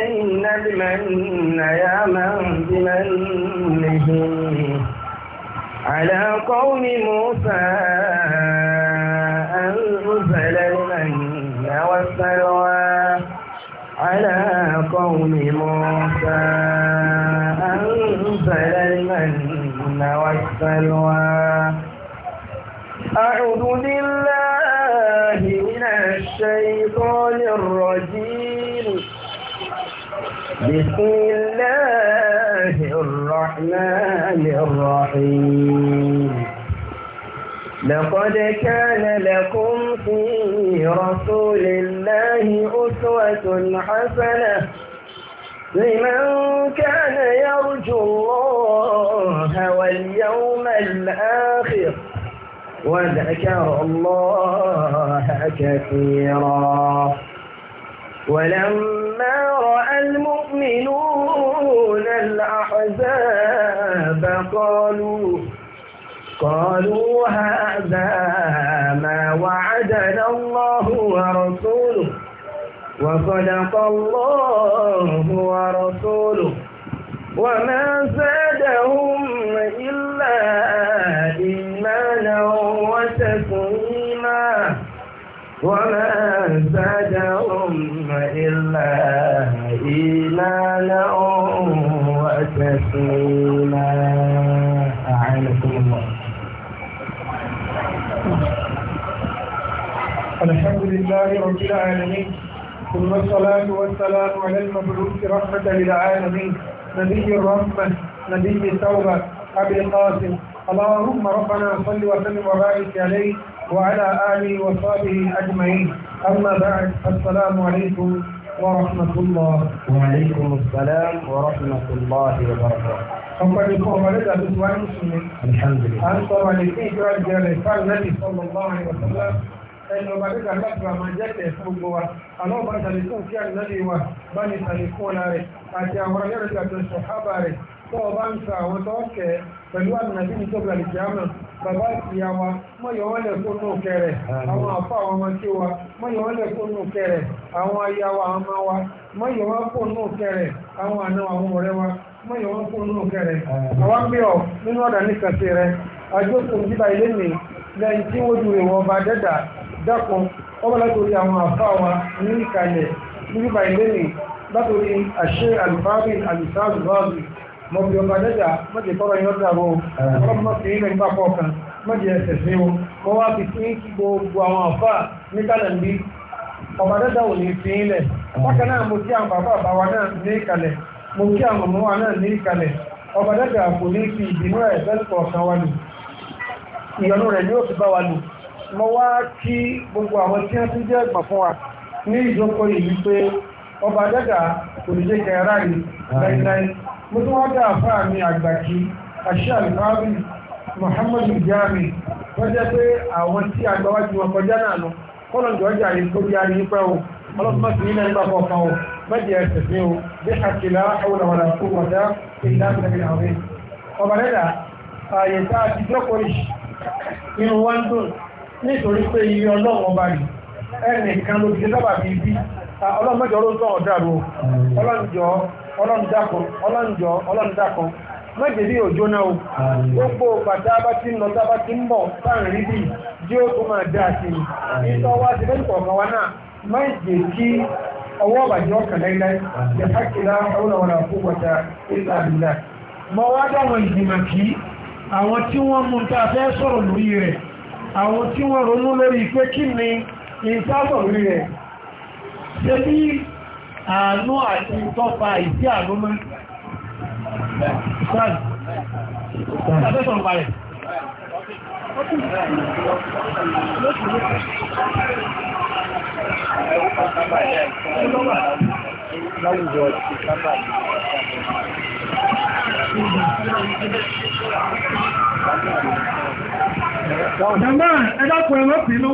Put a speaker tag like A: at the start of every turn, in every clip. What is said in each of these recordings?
A: إن المن يا من بمنه على قوم موسى أنزل المن والسلوى على قوم موسى أنزل المن والسلوى أعوذ بالله بسم الله الرحمن الرحيم لقد كان لكم في رسول الله أسوة حسنة لمن كان يرجو الله واليوم الآخر وذكر الله كثيرا ولما رأى المؤمنون الأحزاب قالوا قالوا هذا ما وعدنا الله ورسوله وصدق الله ورسوله وما زادهم إلا إيمانا وتسليما وما زادهم إلا إيمانا وتسليما أعانكم الله
B: الحمد لله رب العالمين ثم الصلاة والسلام على المبعوث رحمة للعالمين نبي الرحمة نبي التوبة أبي القاسم اللهم ربنا صل وسلم وبارك عليه وعلى آله
A: وصحبه أجمعين أما بعد السلام عليكم ورحمة الله وعليكم السلام ورحمة الله وبركاته أقول لكم ولد أبو سوان
B: مسلم الحمد لله أنت ولكي ترجع لفعل النبي صلى الله عليه وسلم ẹni ọba nígbà lágbà máa jẹ́kẹ̀ fún gbogbo wa àwọn ọba ìtàlẹ̀kùn kí ànábì wa bá ní ìtàlẹ̀kùn ọ̀la rẹ̀ àti àwọn ọ̀rẹ́rẹ́ ìgbàjọ ṣọ̀hábà rẹ̀ tó ọba ń sa àwọn tó kẹ pẹ̀lú ànàbí ní tó gbàlì kìámà bàbá ìyá wa mọ́yọ̀ wọ́n lẹ̀ kó nù kẹrẹ̀ àwọn àfọ àwọn ọmọ tí wa mọ́yọ̀ wọ́n lẹ̀ kó nù kẹrẹ̀ àwọn aya wa ọmọ wa mọ́yọ̀ wọ́n kó nù kẹrẹ̀ àwọn àna àwọn ọ̀rẹ́ wa mọ́yọ̀ wọ́n kó nù kẹrẹ̀ àwọn bí ọ nínú ọ̀dà ní kàṣẹ rẹ àjọkùn jíba ilé mi lẹ́yìn tí wọ́n ju ìwọ̀n ọba dẹ́dà dákun ọba látòrí àwọn àfọ wa ní ìkàlẹ̀ jíba ilé mi látòrí àṣẹ àlùfáàbì àlùfáàbì mo fi ọba dẹ́jà mọ́jẹ̀ tọrọ yín ọjà wo ọlọ́mọ sí ilẹ̀ nígbà kọ̀ọ̀kan mọ́jẹ̀ ẹsẹ̀ sí o mo wá fi sí gbogbo àwọn àfà ní kálẹ̀ ń bí ọba dẹ́jà ò ní fi ilẹ̀ bákan náà mo kí àwọn bàbá àbáwa náà ní ìkàlẹ̀ mo kí àwọn ọmọ wa náà ní ìkàlẹ̀ ọba dẹ́jà kò ní fi ìbínú ẹ̀ lẹ́lùkọ̀ ọ̀kan wa lù ìyọnu rẹ̀ ni ó fi bá wa lù mo wá kí gbogbo àwọn tí wọ́n ti jẹ́ ẹ̀gbọ́n fún wa ní ìjókòó yìí wípé ọba dẹ́dà òdìjẹ́ kẹrà rí láìláì mo tún wá dá àfáà mi àgbàkí àṣẹ àlùfáàbì Muhammadu Jami wọ́n jẹ́ pé àwọn tí àgbàwájú wọn kọjá náà lọ kọ́lọ̀ jọ jà yìí tó yára yìí pẹ́ o ọlọ́pàá sì nílẹ̀ nígbà kọ̀ọ̀kan o mẹ́jẹ ẹsẹ̀ sí o bí àkìlá àwọn àwọn àkó wọ̀dá ìlà ìlànà àwọn ọba dẹ́dà ààyè a ti dọ́kọ̀rì inú wa ń dùn nítorí pé iye ọlọ́run ọba rẹ̀ ẹnìkan ló ti sábà fi bí ọlọ́mọjọ́ ló ń tọ́ ọ̀dàrú ọlọ́njọ́ ọlọ́ndàkùn ọlọ́njọ́ òjò náà o gbogbo bàtà bá ti ń lọ tá ti ń bọ̀ sáàrin bí jí ó tó máa dá sí wa àwọn tí wọ́n mú a fẹ́ sọ̀rọ̀ lórí rẹ̀ àwọn tí wọ́n ronú lórí pé kí ni lórí ṣe ní àánú àti ìtọ́fà ìsí àánú mọ́ Láwùjọ
C: ti sábà ní ọjọ́
B: ìgbà. Jọ̀mọ́ ẹ̀dọ́kùnrin ló pínú.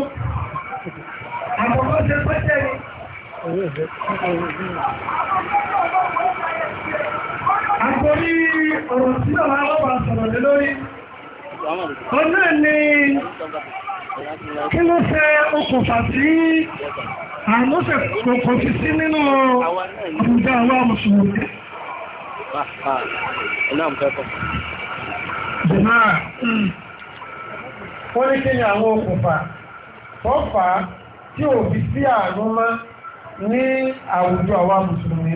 B: Àwọn ọmọ ṣe pẹ́ṣẹ́ ni. Àkòrí ọ̀rọ̀ tí àwọn alábàá sọ̀rọ̀ lé lórí. Ọ̀nà ni kí ló fẹ́ okùnfà tí àmúṣẹ̀ kòkò fi sí nínú àbújá àwọn mùsùlùmí. Jùmáà, wọ́n ní kí ni àwọn okùnfà tó fà á tí ò fi sí àánú máa ní àwùjọ àwa mùsùlùmí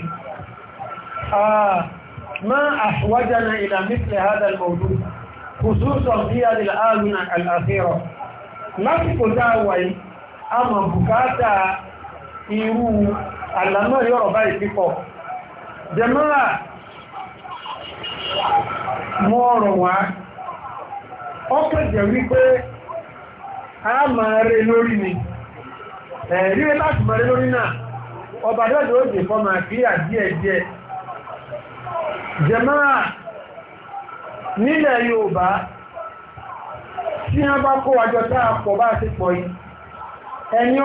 B: ma ahwajana ila mithli hadha al-mawdu' khususan fi hadhihi al-amina al-akhira lásìkò dáwà yìí a mọ̀ bùkátà irú àlànà yọ́rọ̀ báyìí pípọ̀ jẹmọ́ra mọ́ ọ̀rọ̀ wá ọkẹ́ jẹ́ wípé a máa rẹ lórí ni ẹ̀rí láti máa rẹ lórí náà ọba lọ́dọ̀ ó jẹ́ kọ́ fi àdíẹ̀ jẹmáà nílẹ̀ Yorùbá tí bá kó àjọ àpọ̀ bá ti pọ̀ yìí ẹni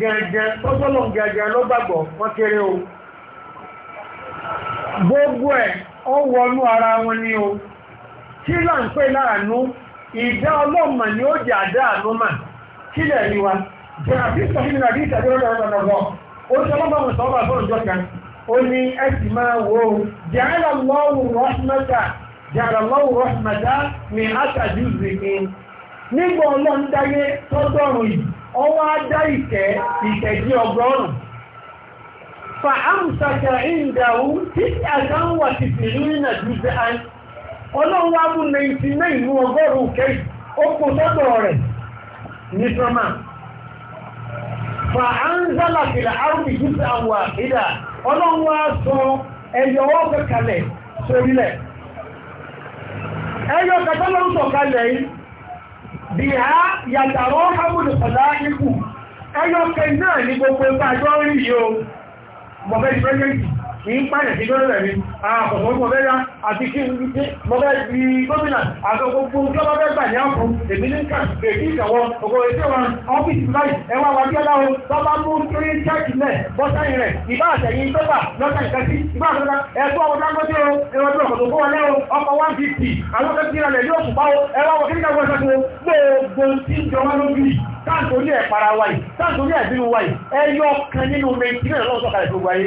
B: gẹ̀ẹ́gẹ́ ló gbàgbọ̀ wọ́n kéré gbogbo ẹ̀ ọ wọnú ara wọn o là ń pè láàánú ìdá ọlọ́mà ni ó jẹ́ àdá kílẹ̀ ni wa jẹ́ oṣù ọlọ́mọ̀rún sọ́ọ́bà fún ìjọ kan ó ní máa wo jàálà lọ́wọ́ rọ́ṣmẹ́ta jàálà lọ́wọ́ rọ́ṣmẹ́ta ní a ìrìnkì nígbà ọlọ́run dáyé tọ́dọ̀rùn yìí ọwọ́ á ìtẹ́ ìtẹ́jí ọgọ́rùn-ún indahu títí fàánzálà fìlà áwùdí jùsẹ̀ àwọn àbídà ọlọ́run wá sọ ẹyọ ọkọ̀ kalẹ̀ sórílẹ̀ ẹyọ kẹtọ́lọ́ ń sọ kalẹ̀ yìí bí i ha yàtàrọ́ hamlin fọ̀lá ikú ẹyọ kẹ náà ní gbogbo ẹgbẹ́ àjọ orí yìí o mọ̀fẹ́ ìfẹ́jẹ́jì kìí pààyàn sí gómìnà mi àpọ̀pọ̀ mọ̀bẹ́ra àti kí n gbé mọ̀bẹ́ bí gómìnà àgbogbo gbọ́gbẹ́ gbà ní ọkùn èmi ní kàkì ìkàwọ́ ọgbọ̀ ètò wọn ọ́fíìsì láì ẹwà wà bí ọlá ohun tó bá mú torí jẹ́kì lẹ̀ bọ́sáyìn rẹ̀ ìbá àtẹ̀yìn pépà lọ́sà ìkàkì ìbá àtọ́lá ẹ̀kọ́ ọmọ dágbọ́dé o ẹwà bí ọkọ̀ tó kọ́ wọlé o ọkọ̀ one fifty àwọn kẹ́kì rẹ̀ yóò kù bá o ẹwà wọ̀ kíkà wọ́n sọ́kùn gbogbo tí ń jọmọ́ lójú táàtò ní ẹ̀ para wáyì táàtò ní ẹ̀ bínú wáyì ẹyọ kan nínú mẹ́tírẹ̀ lọ́sọ̀kalẹ̀ gbogbo ayé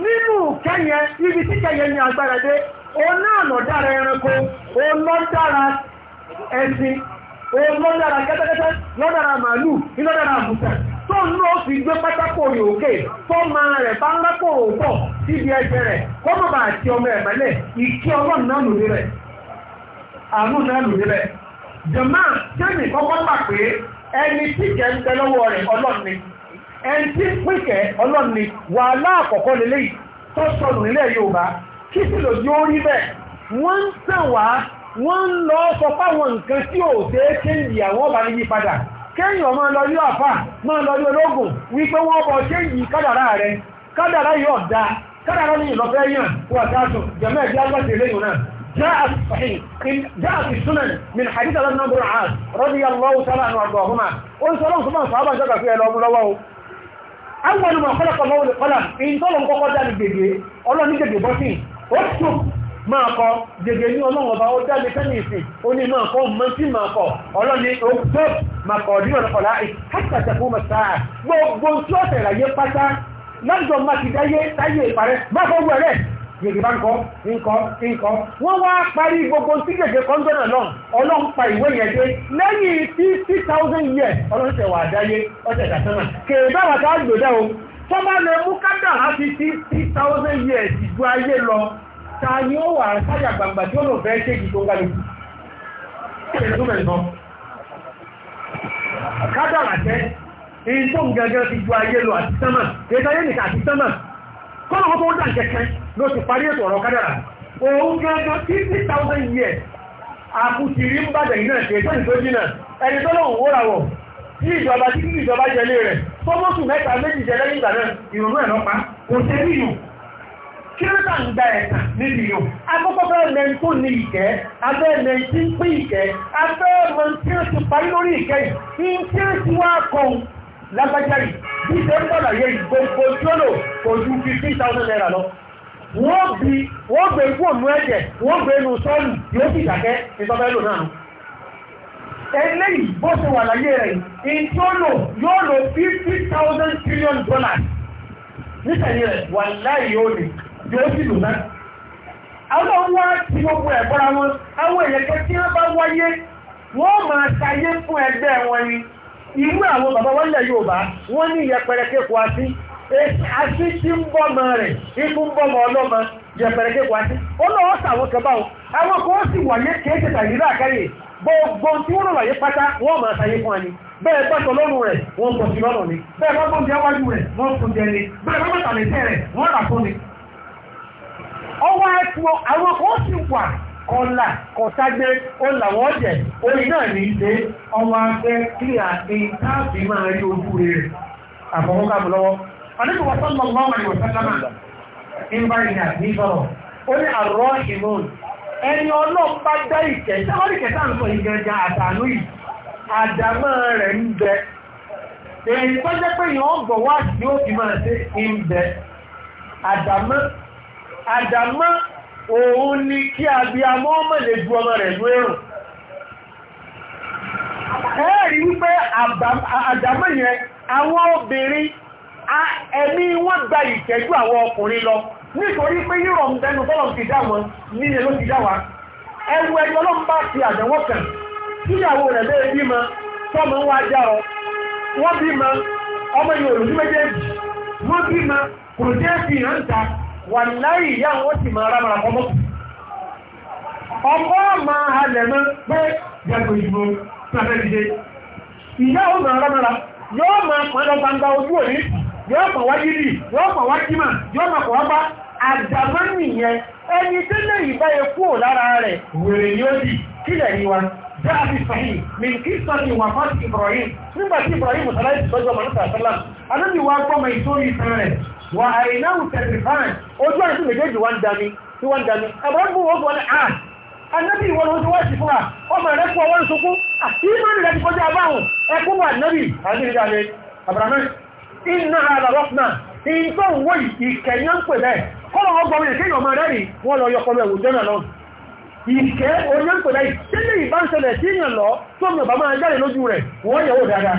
B: nínú kẹ́yẹ ibi tí kẹ́yẹ ní agbára dé onáàlọ́dára ẹranko olọ́dára ẹ̀sìn olọ́dára kẹ́tẹ́kẹ́tẹ́ lọ́dára màálù nílọ́dára àbùsà tó ń lọ fi gbé pátákò yòókè tó máa rẹ̀ bá ń rápò òpọ̀ síbi ẹsẹ̀ rẹ̀ kó mọ̀ bá àti ọmọ ẹ̀ mẹ́lẹ̀ ìkí ọlọ́run náà lòdì rẹ̀ àánú náà lòdì rẹ̀ jọ̀mọ́ jẹ́mi kọ́kọ́ gbà pé ẹni tí kẹ́ ń tẹ lọ́wọ́ rẹ̀ ọlọ́run ni ẹni tí pínkẹ́ ọlọ́ni wà láàkọ̀kọ́ lélẹ́ tó sọnù nílẹ̀ Yorùbá kí sì lò yóò rí bẹ́ẹ̀ wọ́n ń tàn wá wọ́n ń lọ sọ fáwọn nǹkan tí ò ṣeé kéǹdì àwọn ọba yí padà kéèyàn máa lọ rí àfà máa lọ rí ológun wípé wọ́n bọ kéǹdì kádàrá rẹ kádàrá yóò da kádàrá ní ìlọ́fẹ́ yàn wà sáàtùn jẹ́mẹ́ ẹ̀dí agbáṣe lẹ́yìn náà جاء في الصحيح جاء في السنن من حديث ابن عمرو عاص رضي الله تعالى عنه وارضاهما قلت لهم سبحان صحابه جاء في لهم لوه àwọn ọmọ ọ̀pọ̀lọpọ̀ lọ́wọ́ ìkọlà in tó lọ ń kọ́kọ́ dáni gbègbè ọlọ́ni gbègbè bọ́sí ó tó máa kọ gbègbè ní ọlọ́run ọba ó dáni fẹ́mi ìsìn ó ní máa kọ́ mọ́ sí máa kọ ọlọ́ni ó tó máa kọ̀ ọdún ọ̀nà kọ̀lá ìkàtàkùn mọ̀sáà gègé bá ń kọ́ ńkọ́ ńkọ́ wọ́n wá parí gbogbo sí gègé kọ́ńdọ́nà náà ọlọ́run pa ìwé yẹn dé lẹ́yìn fifty thousand years ọlọ́run ṣẹ̀ wà dáyé ọ̀ṣẹ̀ ìdásánà kèébá wà ká gbèdá o tó bá lè mú kádà á fi fifty thousand years ìjú ayé lọ ta ni ó wà sáyà gbàgbà tí ó lò fẹ́ ṣe kí tó ń gbàlejò kádà àtẹ́ èyí tó ti ju ayé lọ àti sánmà kèéta yé nìkan àti sánmà kọ́nà wọn tó dà kẹ́kẹ́ ló ti parí ètò ọ̀rọ̀ kádàrà òun gẹ́gẹ́ 50.000 thousand years àkùtìrí ń bàjẹ́ yìí náà ṣe tó ìtó jìnà ẹni tó lóun ó ràwọ̀ tí ìjọba tí kí ìjọba jẹlé rẹ̀ fọ́mọ́sù mẹ́ta méjì jẹ lẹ́yìn ìgbà náà ìrònú ẹ̀ lọ́pàá kò ṣe rí yùn kí ló tà ń gba ẹ̀tàn níbi yìí akọ́kọ́ fẹ́ mẹ tó ní ìkẹ́ abẹ́ mẹ tí ń pín ìkẹ́ abẹ́ lágbájárì bí ṣe ń sàlàyé gbogbo jólò kò ju fifteen thousand naira lọ wọ́n bí wọ́n gbé ikú òmú ẹ̀jẹ̀ wọ́n gbé inú sọ́ọ̀lù yóò sì dàkẹ́ ìtọ́fẹ́ lò náà eléyìí bó ṣe wà láyé rẹ̀ ìjólò yóò lo fifty thousand trillion dollars nítẹ̀yìn rẹ̀ wà láì yóò lè yóò sì lò náà àwọn wá tí gbogbo ẹ̀bọ́ra wọn àwọn èèyàn kẹ́kẹ́ bá wáyé wọ́n máa ṣayé fún ẹgbẹ́ wọn ni irú àwọn bàbá wọ́n lẹ̀ Yorùbá wọ́n ní yẹpẹrẹ kéèkó así así tí ń bọ́mọ rẹ̀ ikú ń bọ́mọ ọlọ́mọ yẹpẹrẹ kéèkó así ọlọ́wọ́ sàwọn kan báwọn àwọn kan sì wáyé kéèké tàyílá àkáyè gbogbo tí wọ́n wáyé pátá wọ́n máa sáyé fún ẹni bẹ́ẹ̀ gbọ́tọ̀ lọ́rùn rẹ̀ wọ́n pọ̀ sí lọ́rùn ni bẹ́ẹ̀ bá gbọ́n jẹ́ wájú rẹ̀ wọ́n kò jẹ́ ni bẹ́ẹ̀ bá gbọ́tà lẹ́sẹ̀ rẹ̀ wọ́n rà fún ni ọwọ́ ẹ̀kọ́ àwọn kan sì wà kọ́là kọ́ságbé ọ̀làwọ́ jẹ̀ orí náà ní ṣe ọmọ afẹ́ kí àti káàbì máa rí ojú rẹ̀ àfọwọ́kàbù lọ́wọ́ alẹ́kọ̀ọ́ sọ́lọ́ lọ́wọ́ ni wọ̀sálámà ń bá ìrìn àti sọ̀rọ̀ ó ní àrọ́ ìmọ̀n ẹni ọlọ́pá dá ìkẹ́ sáwọ́dì kẹta ń sọ ìgbẹ̀jà àtànú yìí àdàmọ́ rẹ̀ ń bẹ èyí tó jẹ́ pé yàn òun ni kí abiyamọ ọmọ lè ju ọmọ rẹ̀ ló ẹ̀rùn ẹ̀rí wípé àdámọ́ àwọn obìnrin ẹ̀mí wọ́n gba ìtẹ́jú àwọn ọkùnrin lọ nítorí pé yíò ń bẹnu ti dá wọn ló ti dá wa ọlọ́mbà ti síyàwó rẹ̀ lé tọ́mọ wá já ọ wọ́n ọmọ méjèèjì wà láì ìyá wọ́n sì máa rámàrà fọ́mọ́ ọkọ́ máa halẹ̀ mọ́ pé jẹ́gbẹ̀ ìgbò pẹ̀lẹ́dìde ìyá ó máa rámàrà yóò máa pàdọ̀ gbangba ojú òní yóò pọ̀ wá yìí yóò pọ̀ wá kímà yóò máa pọ̀ wá bá àdàmọ́ nìyẹn ẹni tí lè ìbá epo lára rẹ̀ wèrè yóò dì kílẹ̀ yìí wa جاء في الصحيح من قصة وفاة إبراهيم من بعد إبراهيم وثلاثة سجوة من صلى الله عليه وسلم أنا بواقع ميسوري سنة wà àìnáwù tẹ̀sífàn ojú àti méjèèjì wá ń dami tí wọ́n ń dami àbúrọ́gbù wọ́n wọ́n àn anábì ah, ìwọ́n ló ti wá sí fún wa ọmọ rẹ̀ kú ọwọ́ ìsokún àti ah, ìmọ̀lì rẹ̀ ti kọjá abáhùn ẹkún wà nábì àbí ìdálẹ̀ abrahamu iná àlàrọ́fnà ìtọ́ òwò ìkẹ̀yà ń pè bẹ́ẹ̀ kọ́lọ̀ ọgbọ̀n ìkẹyàn ọmọ rẹ̀ rí wọ́n lọ yọkọ̀ ẹ̀wò jọ́nà lọ ìkẹ́ orí ń pè bẹ́ẹ̀ tí ní ìbá ń ṣẹlẹ̀ sí ìyàn lọ tó mi ò bá máa jáde lójú rẹ̀ wọ́n yẹ̀wò dáadáa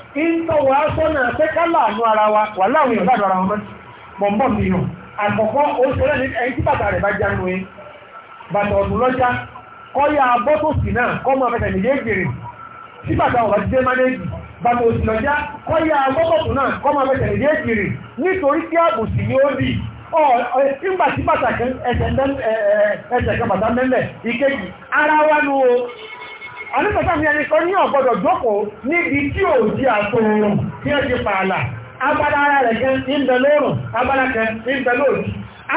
B: ìntọ̀wọ̀ aṣọ́nà pé kálàánú ara wa wà láwọn ìrọ̀lá ara wọn mọ̀mọ́ mi yàn àkọ́kọ́ ó ṣẹlẹ̀ ní ẹni tí bàtà rẹ̀ bá jánu ẹ bàtà ọ̀dún lọ́jà kọ́yà abọ́tòsì náà kọ́ mọ́ abẹ́tẹ̀ nìyé ni ó bì nígbà tí bàtà ẹsẹ̀ kan bàtà mẹ́lẹ̀ ìkejì ara alẹ́sọ̀tàmì ẹnìkan ní ọ̀gbọ́dọ̀ jókòó níbi tí ò di àtòrùn tí ó ti pààlà agbára ara rẹ̀ kan ń bẹ lóòrùn agbára kan ń bẹ lóòrùn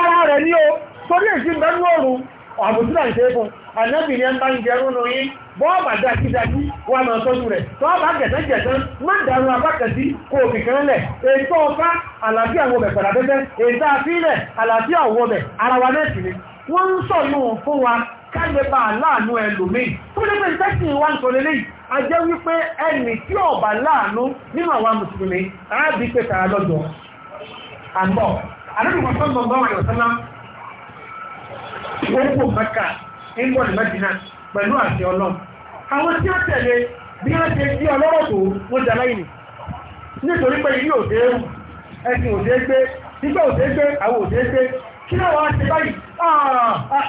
B: ara rẹ̀ ní o torí èsì ń bẹ lóòrùn àbùsílà ń ṣe fún ànábì ní ẹmbá ń jẹrún nù yí bọ́ọ̀bà dákídákí wà máa tọ́jú rẹ̀ gẹ̀tẹ́gẹ̀tẹ́ má dàrú kò lẹ̀ ètò ara wa náà sì ni wọ́n ń sọ̀nù fún káyẹ bá láàánú ẹlòmíì tó lé pé ìtẹ́sìn wá ń sọlé léyìí a jẹ́ wípé ẹni tí ó bá láàánú nínú àwọn mùsùlùmí àábí pé tàà lọ́jọ́ àbọ̀ àdébùkọ̀ sọ́gbọ̀n bá wà ní ọ̀sánlá gbogbo mẹ́ka england mẹ́dínà pẹ̀lú àti ọlọ́run àwọn tí ó tẹ̀lé bí wọ́n ṣe jí ọlọ́rọ̀ tó wọ́n jà láìní nítorí pé ilé òde ẹ̀sìn òde gbé nígbà òde gbé àwọn òde gbé kí náà wọ́n ṣe báyìí ah, ah,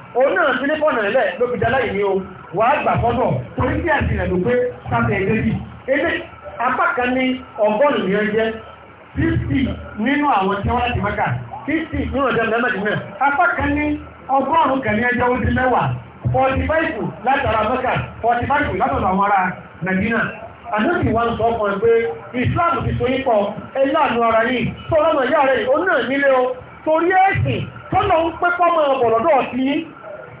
B: onu náà sí ní fọ́nà ilẹ̀ ló fi dáláyì ní o wà á gbà fọ́dọ̀ torí tí àti ìrìnàjò pé sáfẹ́ ilé yìí ilé apá ní ní 50 nínú àwọn tí wọ́n láti 50 nínú ọjọ́ mẹ́mẹ́dínlẹ̀ apá ní ó 45 látara mẹ́kà 45 látọ̀dọ̀ àwọn ará nàìjíríà àdókì wá ń sọ ọkùnrin pé ti so yípo ara yìí tó náà nílé o torí ẹ̀sìn ń ọ̀pọ̀lọ́dọ̀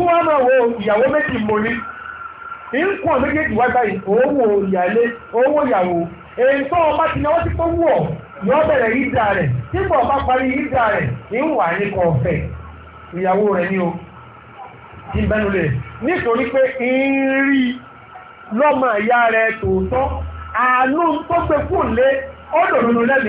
B: tún wá máa wo ìyàwó méjì mo ní nǹkan méjèèjì wá gba ìfowówó ìyàlé owó ìyàwó èyí tó ọba ti náwó tí tó wù ọ yọ bẹ̀rẹ̀ ìdá rẹ̀ ọba parí ìdá rẹ̀ ń wà ní ìyàwó rẹ̀ o ti lè nítorí pé lọ́mọ ìyá rẹ̀ tòótọ́ àánú tó gbé fún lé nínú rẹ̀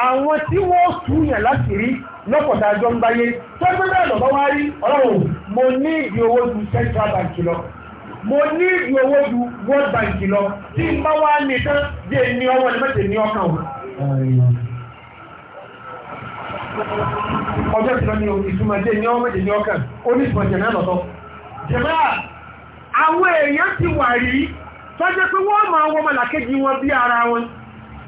B: àwọn tí wọ́n túyàn láti rí lọ́pọ̀ta àjọ ń báyé tó ń gbẹ́gbẹ́ ọ̀dọ̀ wá rí ọlọ́run mo ní ìdí owó ju central bank lọ mo ní ìdí owó ju world bank lọ tí n bá wá ní tán bí e ní ọwọ́ ni mẹ́tẹ̀ ní ọkàn o. ọjọ́ ìṣúná ni ìtumọ̀ jẹ́ ní ọwọ́ mẹ́tẹ̀ ní ọkàn ó ní ìtumọ̀ jẹ̀ náà lọ́tọ̀. jẹ̀mẹ́ àwọn èèyàn ti wà rí tọ́jú pé wọ́n máa wọ́n mọ̀lá kéjì wọn bí ara wọn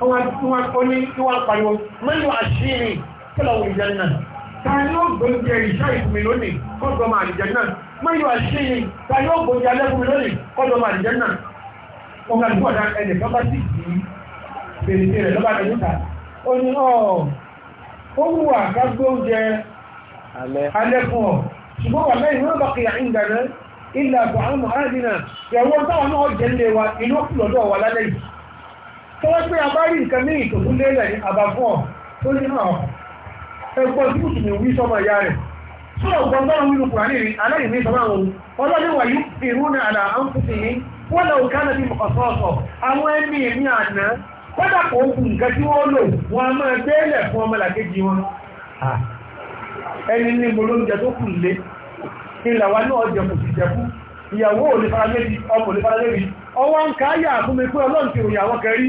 B: wọ́n pariwo mẹ́lú àṣírí kílọ̀wò ìjẹ́nà tààrí ó gbóúnjẹ ìṣá ìfúnmi lónìí kọ́gbọ́mà àdìjẹ́nà mẹ́lú àṣírí tààrí ó gbóúnjẹ alẹ́fúnmi lónìí kọ́gbọ́mà àdìjẹ́nà ọmọ àdúgbọ̀dá ẹnì kan bá sì kí fèrèsé rẹ̀ lọ́bàá rẹ̀ níta ó ní ọ̀ ó wù àká gbóúnjẹ alẹ́fún ọ̀ ṣùgbọ́n wà lẹ́yìn wọ́n bá náà jẹ́ lé wa inú ọ̀pọ̀lọ́dọ̀ wà lálẹ́ yìí tó wọ́n pé abárí nǹkan ní ìtòkú lélẹ̀ ní àbàfọ́ tó ní hàn ẹgbọ́n tí mùsùlùmí wí sọmọ ìyá rẹ̀ tó ọgbọ́n bá wí lùkùrá ní rí aláìní sọmọ àwọn ọlọ́dún wà yìí ìrú ní àlà àǹfùsì yìí wọ́n lọ ká lọ bí ọ̀sọ̀ọ̀sọ̀ àwọn ẹni èmi àná kọ́dà kò kù nǹkan tí wọ́n lò wọn a máa gbélẹ̀ fún ọmọ làkejì wọn ẹni ní bolóúnjẹ tó kù lé ìlàwà náà jẹ kò sì jẹkú ìyàwó òlefaralébi ọmọ òlefaralébi ọwọ́ ń káyà fún mi pé ọlọ́run ti ròyìn àwọn kẹrí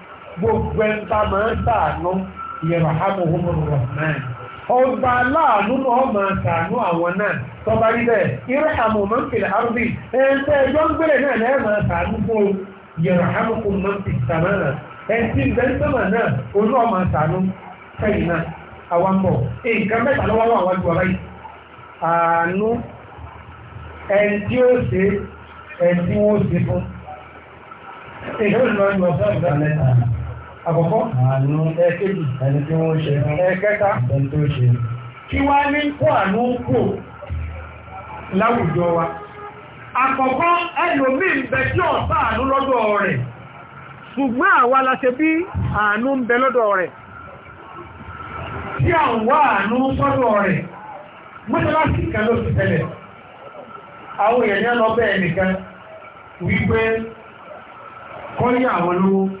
B: gbogbo ẹ̀ta máa ń sàánú ìyẹ̀rọ̀hámù ọmọrọ̀ náà ọba aláàánú náà máa sàánú àwọn náà tọba rílẹ̀ ìrẹ́hàmù mọ́ǹkìlẹ̀ arúbí ẹ̀ẹ́sẹ̀ ẹjọ́ ń gbẹ̀rẹ̀ náà lẹ́ẹ̀ máa sàánú bó ìyẹ̀rọ̀hámù mọ́ǹkì sàmánà ẹ̀sìn ìgbẹ́sọ̀mọ̀ náà olú ọmọ sàánú sẹ́yìn náà àwọn bọ̀ nǹkan mẹ́ta lọ́wọ́ wà wájú ọ̀rẹ́ yìí àánú ẹni ó ṣe ẹni tí wọ́n ṣe fún ìlú ìlú ọ̀sán ìgbà mẹ́ta àkọ́kọ́ àánú ẹ̀kejì ẹni tí wọ́n ṣe ẹ̀kẹta ẹni tó ṣe kí wá ní kó àánú kò láwùjọ wa àkọ́kọ́ ẹlòmíì ń bẹ tí ọ̀sá àánú lọ́dọ̀ rẹ̀ ṣùgbọ́n àwa la ṣe bí àánú ń bẹ lọ́dọ̀ rẹ̀ tí à ń wá àánú sọ́dọ̀ rẹ̀ mọ́ṣáláṣí kan ló ti tẹ́lẹ̀ àwọn èèyàn lọ bẹ́ẹ̀ nìkan wípé kọ́lé àwọn lówó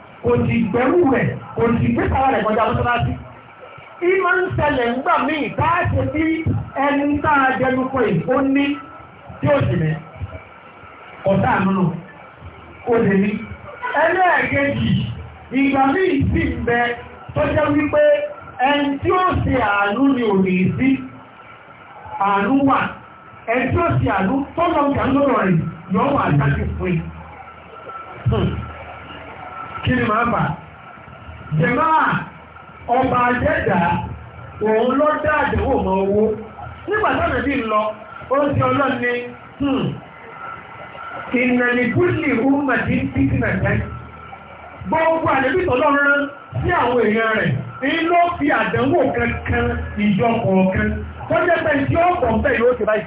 B: kò sì rẹ̀ kò sì gbé rẹ̀ kọjá mọ́sálásí. ìmọ̀ ń ṣẹlẹ̀ ńgbà míì bá a ṣe bí ẹni tá tí ó sì mẹ́ ọ̀tá ó ní. ẹlẹ́ẹ̀kejì ìgbà míì sì ń bẹ tó jẹ́ wípé ẹni tí ó ṣe àánú ni ò ní sí àánú wà ẹni tí ó ṣe àánú tó lọ́ọ̀kì àánú lọ́rọ̀ rẹ̀ kí ni màá fà jẹ̀má ọba àjẹ́dà òun lọ dá àdéhùn mọ́ owó nígbà táwọn ẹbí ń lọ ó ti ọlọ́run ní ìnànìkúlì rúmàdí títí nàìjíríà gbogbo àdébí tọ́lọ́run sí àwọn èèyàn rẹ̀ ní ló fi àdánwò kankan ìjọ kọ̀ọ̀kan tó jẹ́ pé tí ó pọ̀ bẹ́ẹ̀ yóò ti báyìí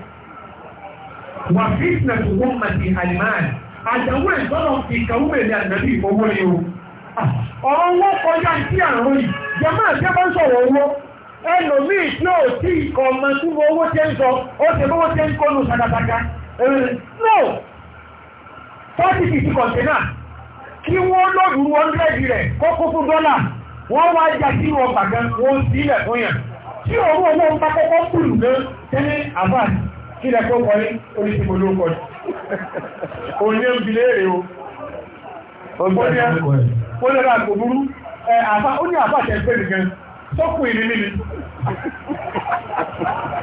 B: wà fíìsì náà tó wọ́n àjẹ̀wò ẹ̀gbọ́nà ìkàwó èmi àjẹ̀bí ìfowó ni o ọ̀rọ̀ owó kọjá sí àrùn yìí jẹ́mọ́ àti ẹbá ń sọ̀rọ̀ owó ẹlòmíì tí ó tí ìkọ̀ ọmọ tí owó tí ń sọ ó ti mọ́wó tí ń kọ́nù sàdàdàga no tọ́tìtì ti kọ̀ǹtẹ́nà kí wọ́n lọ́dù 100 rẹ̀ kọ́kọ́ fún dọ́là wọ́n wá jà sí wọn pàgẹ́ wọ́n sí ilẹ̀ fún yàn tí owó owó ń bá kọ́kọ́ pùlù náà tẹ́lẹ̀ àbá kílẹ̀ kọ́kọ́ ní oríṣiríṣi olóńkọ́ni onye ń bilé èrè o ó lè ra àgbòbúrú ó ní àbáṣẹ pé nìkan sọ́kùn ìní nìyí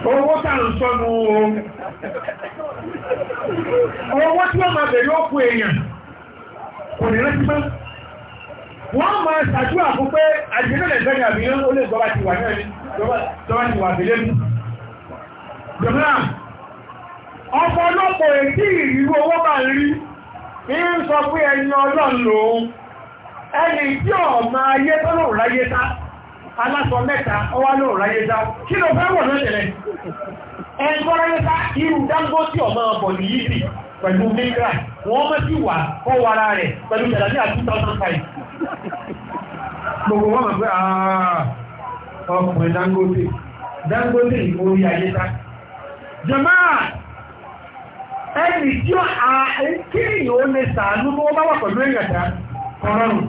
B: owó tá ń sọnù o owó tí wọ́n máa bẹ̀rẹ̀ ó kú èèyàn kò ní rántí mọ́ wọ́n máa ṣàdúrà fún pé àjẹ́lẹ̀ lẹ́gbẹ̀ẹ́ ní àbíyán ó lè gbọ́bá ti náà ní gbọ́bá ti wà bẹ̀lẹ́ mú ọpọlọpọ ètí ìrírú owó bá ń rí ní ń sọ pé ẹni ọlọ́n lòun ẹni tí ọ̀mà ayé tó lòun ráyé tá aláṣọ mẹ́ta ọwá lòun ráyé tá kí ló fẹ́ wọ̀ lọ́tẹ̀lẹ̀ ẹni tó ráyé tá irú ọmọ ẹni tí ó àkéèyàn ó lè sàánú bó bá wà pẹ̀lú ìrẹ̀ta ọ̀rọ̀rùn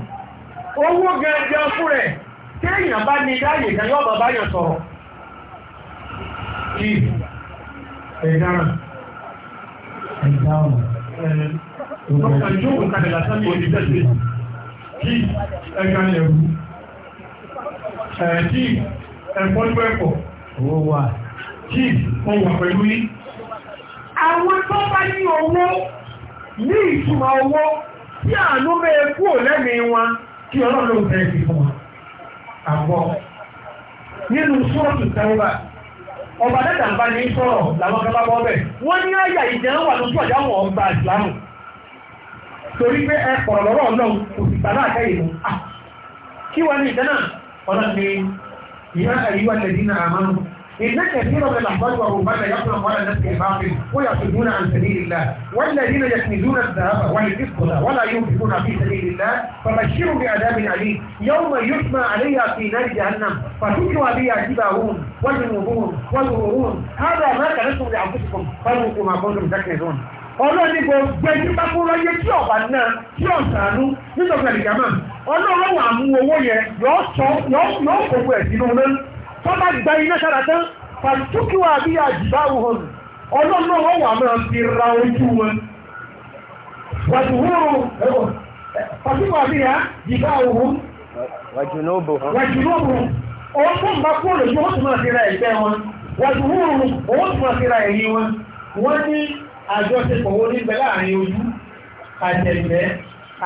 B: owó gẹ́gẹ́ fún rẹ̀ kéèyàn bá ní dáyè kan bàbá yàn sọ̀rọ̀ ẹ̀dára ẹ̀dára ẹ̀kọ́ owó wà pẹ̀lú ní owó ní ìtumọ̀ owó tí àánú bẹ́ẹ̀ kú ò lẹ́mìí wọn kí ọlọ́run ló fẹ́ fún wọn. àbọ̀ nínú sọ́ọ̀tù tẹ́wọ́bà ọba dẹ́ta ń bá ní sọ̀rọ̀ làwọn kan bá bọ́ bẹ̀. wọ́n ní àyà ìjẹ́ wà lójú wọn ọgbà ìsìlámù torí pé ẹ ọlọ́run kò sì àkẹ́yìn ah, kí wọ́n ní ìdáná ọ̀nà ni إن كثيرا من الأحباب والرهبان يظلم ولا الناس بالباطل ويصدون عن سبيل الله والذين يكنزون الذهب والفضة ولا ينفقون في سبيل الله فبشروا بعذاب أليم يوم يحمى عليها في نار جهنم فتتلى بها جباههم والجنوبهم والظهورهم هذا ما كنتم لأنفسكم فذوقوا ما كنتم تكنزون ọlọ́ni gbogbo ẹni bá kó lọ́yé tí ọ̀bà náà tí ọ̀sánú nítorí ẹ̀lìgàmà ọlọ́run wà mú owó yẹn yọ́ kó gbogbo ẹ̀sìn náà tó bá gba iná sára tán pàtúkìwà bí àjìbá wọn wà máa fi ra ojú wọn pàtúkìwà bí àjìbá àjọṣepọ̀ owó níbẹ̀ láàrin ojú àtẹ̀gbẹ́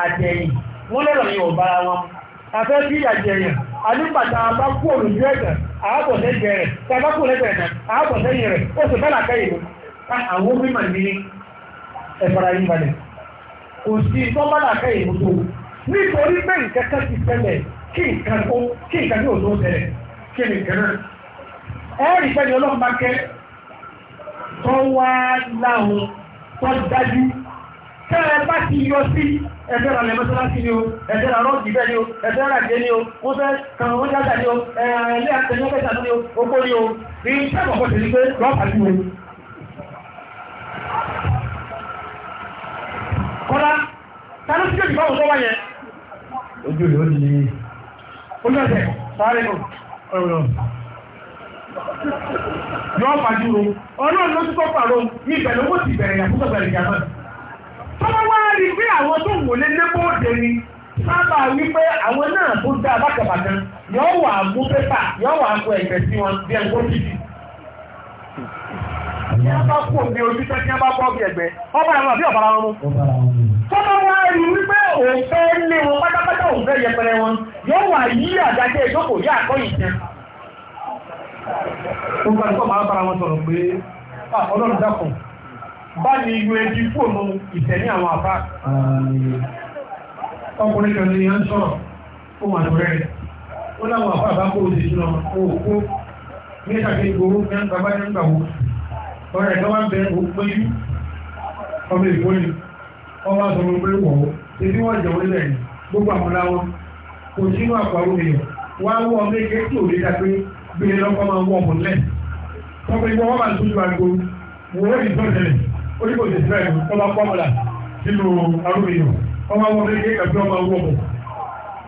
B: àtẹ̀yìn wọ́n lọ́rọ̀ ní ọ̀bára wọn afẹ́ bí àjẹyàn alúpàtà bá kúrò lójú ẹ̀gbẹ́ àábọ̀ lẹ́gbẹ̀ẹ́ rẹ̀ tàbákù lẹ́gbẹ̀ẹ́ rẹ̀ àábọ̀ lẹ́yìn rẹ̀ ó sì bẹ́lá kẹ́yìn mú àwọn mímọ̀ ní ẹ̀fọ́ra yín balẹ̀ kò sí tó bẹ́lá kẹ́yìn mú tó nítorí pé nǹkan kan ti ṣẹlẹ̀ kí nǹkan tó kí nǹkan tó tó ṣẹlẹ̀ kí nǹkan náà ẹ̀rì pẹ́ni ọlọ́run bá kẹ́ tó wá
A: láwọn tó dájú tẹ́ ẹ bá ti yọ sí ẹgbẹ́ra lẹ mọ́sánásí ni o ẹgbẹ́ra rọ́ọ̀dì bẹ́ẹ̀ ni o ẹgbẹ́ra jẹ́ ni o wọ́n fẹ́ kan wọ́n jágà ni o ẹ̀ẹ́lẹ́
B: àtẹnẹ́kẹta ni o ogbó ni o ní sẹ́gbọ̀gbọ̀ sí ni pé rọ́ọ̀pá sí o kọ́lá tánú sí kébì báwọn tó wá yẹn ojú rẹ̀ ó di ojú ẹ̀sẹ̀ sáré nù ọ̀rọ̀ yọ́ pàdúró ọlọ́run ló tún kọ́ pàrọ̀ ní ìbẹ̀rẹ̀ owó ti bẹ̀rẹ̀ yàtúntọ̀ bẹ̀rẹ̀ yàtọ̀ rí pé àwọn tó wò lé lébòde ni sábà wípé àwọn náà tó dá kan yóò wà mú pépà yóò wà kó ẹ̀gbẹ́ sí wọn bí ẹ̀gbọ́n ní a bá kú ojú tẹ́ kí a bá kọ́ bí ẹ̀gbẹ́ ọba àwọn àbí ọ̀bára wọn wá rí wípé lé wọn pátápátá bá ní ìlú ẹbí fóònù ìtẹ̀ní àwọn àbá. ọkùnrin kan ní yàn sọ̀rọ̀ ó mà lọ́rẹ́ rẹ̀ ó láwọn àbá àbá kó o sì sùn ọmọ kó o kó ní ìṣàkíyèsí owó ní àgbà bá ní ìgbà wo ọ̀rẹ́ ẹ̀ka wá ń bẹ òun pé yú ọmọ ìbò ni ọmọ àtọ̀rọ̀ pé wọ̀ ó tèmi wọ́n jẹun nílẹ̀ ni gbogbo àwọn láwọn kò sínú àpárò èèyàn wá wọ́ ọmọ ẹgbẹ́ tí ò lè dá pé gbé e lọ́kọ́ máa wọ́ ọmọ lẹ̀ tọ́pẹ́ ìwọ́n wọ́n bá ń tójú àgbo wọ́n ò ní tọ́jú ẹ̀ oníkòtò ìsirẹ́ ìlú tó bá pọ́mọ́lá nínú arúgbìnú ọmọ ọmọ orílẹ̀ ìgbàgbé ọmọ owó ọmọ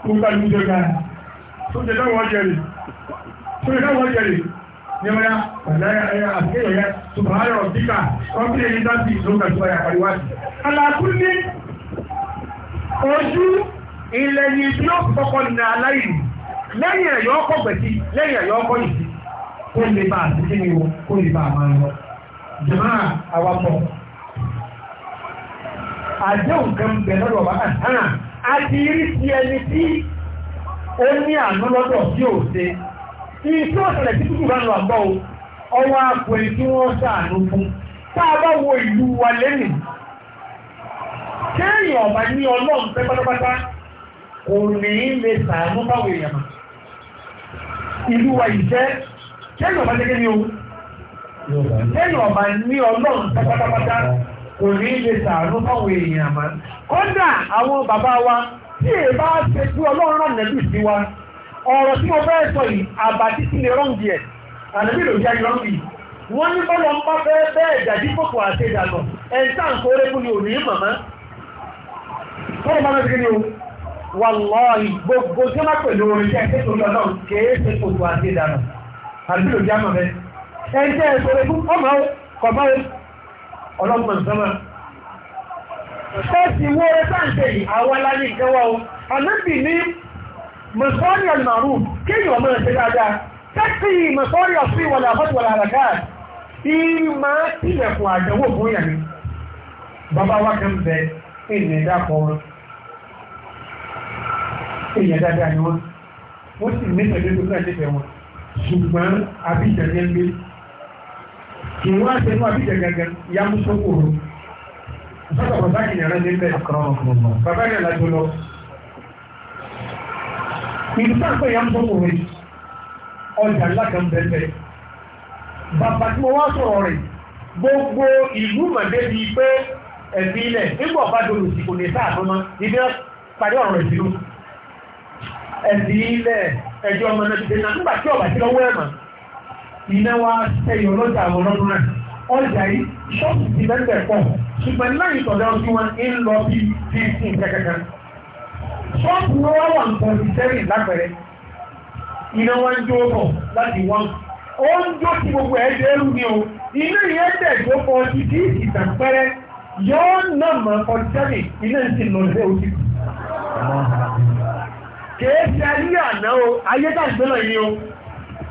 B: tó ń tàbí jẹ́ gáà tó jẹ́ dáwọ́ jẹ́rì tó jẹ́ dáwọ́ jẹ́rì ní ọmọ ya àtìkéyọ̀ ya tùbàárọ̀ díkà ọdún èyí dábì lókà tó ya àríwájú alákún ní ojú ilẹ̀ ni bí ó kọ́kọ́ ní aláìní lẹ́yìn ẹ̀yọ́ ọkọ̀ gbẹ̀tì lẹ́yìn ẹ̀yọ́ ọkọ̀ yìí kó lè bá àti kí ni o kó lè bá àmà lọ jẹ̀máà àwapọ̀ àdéhùn kan bẹ̀ lọ́dọ̀ bàbá náà a ti rí ti ẹni tí ó ní àánú lọ́dọ̀ tí ó ṣe ní tí ó ṣẹlẹ̀ tí tútù lọ àgbọ̀ o ọwọ́ àpò ẹni tí wọ́n ṣàánú fún tá a bá wo ìlú wa lẹ́nìí kò ní lè sàánú fáwọn èèyàn mọ́ kódà àwọn bàbá wa tí èè bá ṣe ọlọ́run náà wa ọ̀rọ̀ tí mo fẹ́ sọ yìí àbàtí sí rọ́ǹdì ẹ̀ wọ́n ní bọ́lọ̀ ń bá fẹ́ bẹ́ẹ̀ dàdí kòkò àti ìdànà ẹ̀ńtà ń kórè ni òní màmá kọ́rọ̀ bá o wà tí pẹ̀lú orin jẹ́ lọ́nà kéèkó àti jẹ́ àmọ̀ bẹ́ẹ̀ ọlọ́gbọ̀n sọ́mà ẹ̀sì wo ẹ̀sáǹtẹ̀ yìí àwọn aláyé ìkẹwà o ànábì ní mọ̀sọ́rì àlùmọ̀rù kéèyàn ọmọ ẹ̀sẹ̀ dáadáa tẹ́kì mọ̀sọ́rì ọ̀sùn ìwọ̀lẹ̀ àfọ́tìwọ̀lẹ̀ àràká ìmọ̀ tilẹ̀kùn àjẹwò fún yàní bàbá wa kan bẹ ènìyàn dákọ̀ wọn ènìyàn dáadáa ni wọn wọ́n sì ní pẹ̀lú ìgbésẹ̀ wọn ṣùgbọ́n àbíjẹ̀ ní ẹgbẹ́ kì í wá ṣe inú àbíjẹ gẹ́gẹ́ ya mú sókòrò sọ́dọ̀ bàbá kìnìyàn rẹ̀ níbẹ̀ bàbá yẹn lájọ lọ ìlú sáà pé ya mú sókòrò ọjà ńlá kan bẹ́ẹ̀ bàbá tí mo wá sọ̀rọ̀ rẹ̀ gbogbo ìlú màdé bíi pé ẹ̀bí ilẹ̀ nígbà ọba dolo sí kò ní sáà tó mọ́ ibi wọn parí ọ̀rọ̀ ìṣèlú ẹ̀bí ilẹ̀ ẹjọ́ ọmọ náà ti dé náà nígbà tí ọba ti lọ́wọ́ ẹ̀ iná wá ṣẹyọ lọ́jà àwọn ọlọ́dún náà ọjà yìí ṣọ́ọ̀bù ti bẹ́ẹ̀ pọ̀ ṣùgbọ́n láyìn tọ̀dọ̀ ọdún wọn ń lọ bí bí fún kẹ́kẹ́kẹ́ ṣọ́ọ̀bù wọn wá wà nǹkan ìṣẹ́rìn lápẹ̀rẹ̀ iná wọn ń jó bọ̀ láti wọn ó ń jó sí gbogbo ẹ̀jẹ̀ ẹrú ni o iná yẹn dẹ̀ tó pọ̀ ti di ìtàpẹ́rẹ́ yóò nà mọ́ ọ̀ṣẹ́rìn iná ti lọ sí òjì kèé ṣe ayé àná o ayé tàbí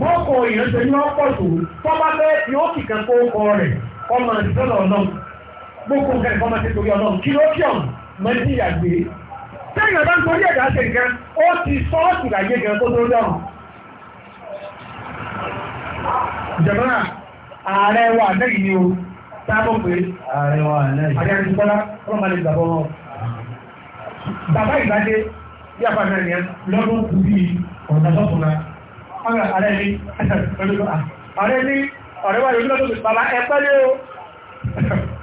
B: bọ́ọ̀kọ̀ èèyàn ṣe ní ọ̀pọ̀ tó tọ́ba fẹ́ yóò kì kan kó kọ rẹ̀ ọmọ ìṣẹ́lẹ̀ ọ̀nà gbogbo nǹkan ìfọ́n máa ti torí ọ̀nà kí ló kí ọ̀n mẹ́tì àgbè. sẹ́yìn ọ̀dọ́ nítorí ẹ̀dá ṣe nǹkan ó ti sọ́ọ̀tì láyé gan tó tó dọ̀rùn. ìjọba ààrẹ wa lẹ́yìn ni o sábọ̀ pé ààrẹ wa lẹ́yìn. ààrẹ àti bọ́lá ọlọ́run máa lè gbàgbọ́ wọn. bàbá ààrẹ ní ààrẹ ní ọ̀rẹ́ wà lórí lọ́dún bàbá ẹ̀pẹ́ lé o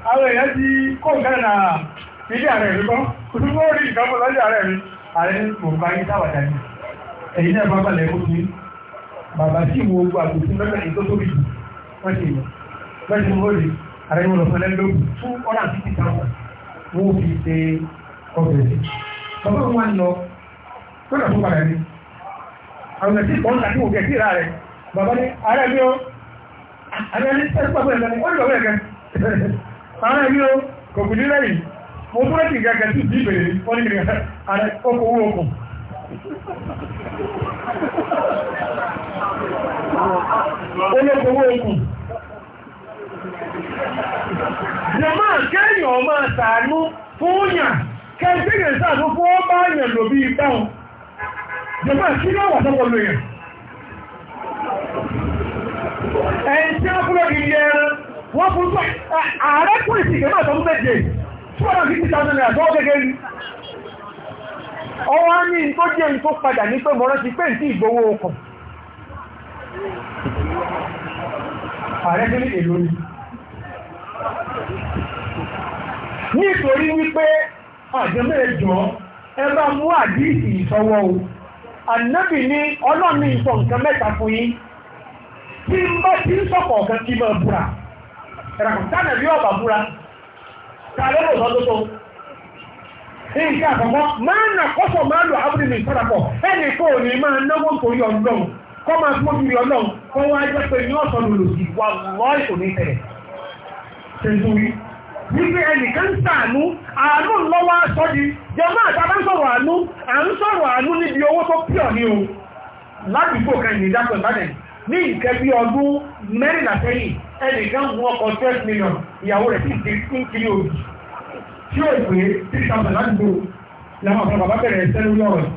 B: àwọn èèyàn ti kó nǹkan náà nílé ààrẹ rí kọ́ kùtùkú ó rí ìkàmọ́ lọ́jọ́ ààrẹ rí ààrẹ ní kò bá yí sáwàdà ní ẹ̀yìn náà bá balẹ̀ ó ti bàbá sí ìwò ogun àgbòsí lọ́sẹ̀ ètò tó bì jù wọ́n ti yàn lọ́sẹ̀ ìwò rí ààrẹ ìwò lọ́sẹ̀ lẹ́lógún fún ọ̀nà àti títà àwọn ẹ̀sìn kan tàbí òkè sí ìrà rẹ̀ bàbá ní ààrẹ mi ó ààrẹ ní ẹgbẹ́ ẹ̀gbẹ́ ó ní bàbá ẹ̀gẹ́ ààrẹ mi ó kòkù ní lẹ́yìn mo tún rẹ̀ kì í gẹ́gẹ́ sí ìdí ìbèrè ó ní kìrì ààrẹ okò owó okò olóko owó okò jọmọ́ kẹ́yìn ọmọ sàánú fún yàn kẹ́yìn sáàánú fún ó bá yàn lòbí ìbáhùn jẹ́mọ́ kí ló wà sọ́pọ̀ lóyè ẹ̀yìn tí wọ́n kúrò ní ilé ẹran wọ́n fún tó ààrẹ kú ìsìn ìgbẹ́mọ̀ àtọ́mú méje 250,000 naira tó gẹ́gẹ́ rí
C: ọwọ́ ní tó jẹ́
B: ìtó padà ní pé mọ́rán ti pé ìtí ìgbówó ọkọ̀ ààrẹ tó ní èlò ní nítorí wípé àjẹ́mẹ́ẹ̀jọ́ ànábì ní ọlọ́run ní ìsọ nǹkan mẹ́ta fún yín tí ń bá ti ń sọ̀kọ̀ ọ̀kan kí máa búra ẹ̀rọ̀kùtánà bí ọ̀bà búra kàlẹ́ lò lọ́dún nǹkan àkọ́kọ́ máa nà kọ́sọ̀ máa lò ábúrí ní ìsọ́dàpọ̀ ẹnì ní máa náwó nítorí ọlọ́run kọ́ máa ọlọ́run kọ́ wá pé ní ọ̀sán wà lọ́ọ̀ jẹmọ́ àtàbá ń sọ̀rọ̀ àánú à ń sọ̀rọ̀ àánú níbi owó tó pìọ̀ ní o ládùúgbò kan ìdí ìdápọ̀ ìbàdàn ní ìkẹ́ bí ọdún mẹ́rìnlá sẹ́yìn ẹnìkan gun ọkọ̀ twelve million ìyàwó rẹ̀ sì ti ń kiri òbí tí ó pé three thousand ládùúgbò làwọn ọ̀pọ̀ bàbá bẹ̀rẹ̀ ẹsẹ̀ lórí ọ̀rọ̀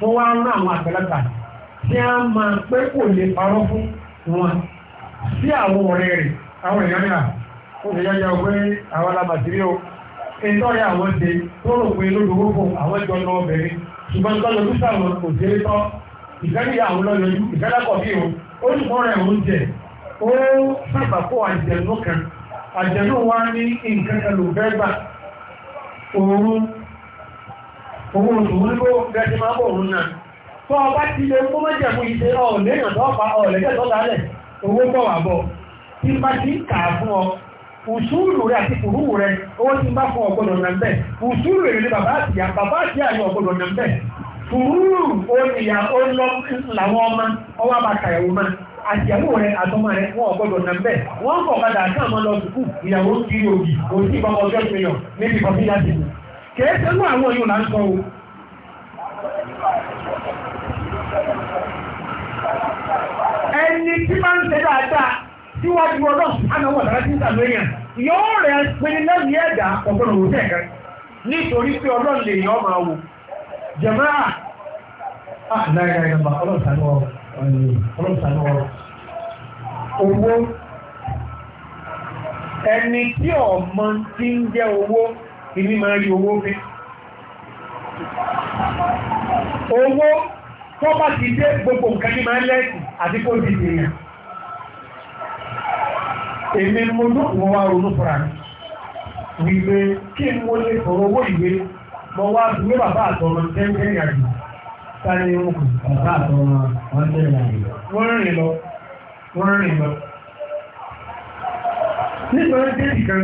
B: wọ́n wá ń rán àwọn àgbàlagbà tí a máa pé kò lè parọ́ fún wọn sí àwọn ọ̀rẹ́ rẹ̀ àwọn ìyá náà ó fi yáyá ọgbẹ́ àwọn alámàtírí o ẹ̀tọ́ ya àwọn ṣe tó rò pé lódòwó fún àwọn ẹjọ́ lọ ọbẹ̀rin ṣùgbọ́n tọ́lọ tó sàwọn kò ṣe é tọ́ ìfẹ́lẹ́yà àwọn lọ́yọjú ìfẹ́lẹ́kọ̀ bí o ó sì mọ́ra ẹ̀wọ̀n jẹ ó sàpàpọ̀ àjẹ̀nú kan àjẹ̀nú wa ní nǹkan kan ló fẹ́ gbà òórùn owó oṣù wọn ló gẹ́gẹ́ máa bọ̀ òórùn náà tó ọba ti lè kó mọ́jẹ̀mú ìṣe ọ̀lẹ́yìn tó ọ̀pá ọ̀lẹ́gẹ̀ tó dálẹ̀ owó bọ̀ wà bọ̀ tí bá ti kà á fún ọ usuru rẹ àti fùrúù rẹ owó tí ń bá fún ọgbọ́dọ̀ na ń usuru ùsùlù èrè ní bàbá àtìyà bàbá àtìyà ní ọgbọ́dọ̀ nà ń bẹ̀ oníyà ọlọ làwọn ọmọ ọwọ́ abàkàyàwó máa àtìyàwó rẹ àtọmọ rẹ wọn ọgbọ́dọ̀ nà ń bẹ̀ wọ́n ń bọ̀ àwọn lọ sùkú ìyàwó kiri òbí kò ìbámu o ẹni tí máa ń síwájú ọlọ́run anáwọ̀ tàbí tí ń sàmì èèyàn yóò rẹ̀ pinni lẹ́bí ẹ̀dá ọ̀gbọ̀n òwò tẹ̀kẹ́ nítorí pé ọlọ́run lè yọ ọmọ àwò jẹ̀máà àdáyẹ̀dàgbà
C: ọlọ́sàánúwọ̀rọ̀
B: owó ẹni tí ọmọ tí ń jẹ́ owó ìní máa rí owó fi owó tó bá ti dé gbogbo nǹkan ní máa lẹ́sìn àti kó ti dèèyàn èmi mo lókùn wá ronú fúnra wípé kí n mo lè sọ̀rọ̀ owó ìwé mọ wá gbé bàbá àtọmọ tẹ́ńtẹ́ ìrìnàjò
A: sáré òkú bàbá àtọmọ wọn tẹ́ ìrìnàjò
B: wọ́n rìn lọ wọ́n rìn lọ nítorí déèdì kan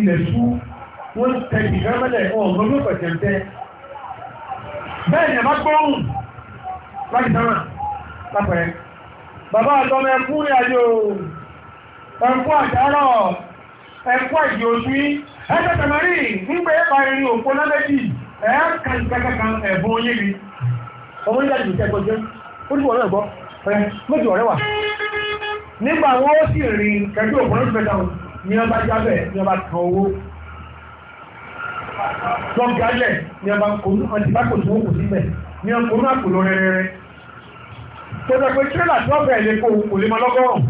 B: ilẹ̀ sú wọ́n tẹ̀lì kan mẹ́lẹ̀ ọ̀gbọ́n ló pẹ̀sẹ̀ ń tẹ́ bẹ́ẹ̀ ni a bá gbọ́hùn láti sánà lápẹ̀ẹ́ bàbá àtọmọ ẹkún ní àjò ẹ̀kọ́ àjárọ̀ ẹ̀kọ́ ìdí oṣù yí ẹgbẹ́ tẹ̀mẹ́rì ń gbé ẹ̀kọ́ irin òpó lọ́lẹ́jì ẹ̀ẹ́kàn ìgbẹ́kẹ̀kan ẹ̀bùn oyé mi ọmọ ìdájú ìṣẹ́gbọ́ jẹ́ ó ní ọ̀rẹ́ ẹ̀gbọ́ méjì ọ̀rẹ́ wà nígbà wọ́n ó sì rìn kẹjú òpó lọ́sì fẹ́ dáhùn ní ọba jábẹ̀ ní ọba kan owó lọ́gbàálẹ̀ ní ọba kò tó kò síbẹ̀ ní ọkùnrin àpò lọ rẹ̀rẹ̀rẹ̀ tó dẹ̀ pé tírélà tó ọ̀bẹ̀ lè kó òlé mọ́ lọ́gọ́rùn-ún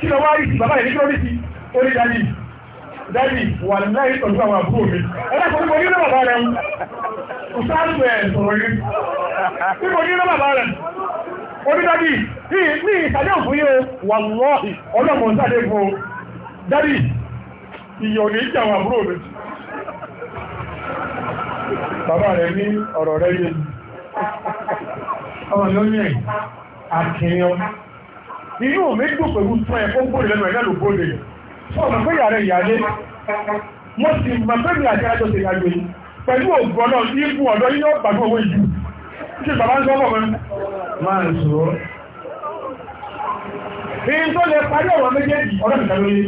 B: kí lọ wá rí sí bàbá yẹn kí lọ rí orí dálì dálì wà láì tọ́jú àwọn àbúrò mi ẹ̀rọ kò ní mo ní ní bàbá rẹ̀ kò sáàtù ẹ̀ sọ̀rọ̀ rí ní mo ní ní bàbá rẹ̀ orí dálì ní ní ìsàlẹ̀ òfin yóò wà lọ́ ọlọ́mọ sáré fún o dálì ìyọ̀ ní ìjà àwọn àbúrò mi bàbá rẹ̀ ní ọ̀rọ̀ rẹ̀ yé ọmọ lóyún ẹ̀ àkìyàn inú mi dùn pẹ̀lú fún ẹ̀ fún gbòdè lẹ́nu ẹ̀ lẹ́nu gbòdè fún ọ̀nà pé yàrá ìyáde mo sì mọ̀ pé mi àti alájọ ṣe yàgbé pẹ̀lú ògùn ọ̀dọ́ ibù ọ̀dọ́ yíyọ́ gbàgbọ́ owó ìjú ṣe bàbá ń sọ́mọ̀ mẹ́rin máa ń sọ èyí tó lè parí ọ̀rọ̀ méjèèjì ọ̀dọ́ ìtàlóyé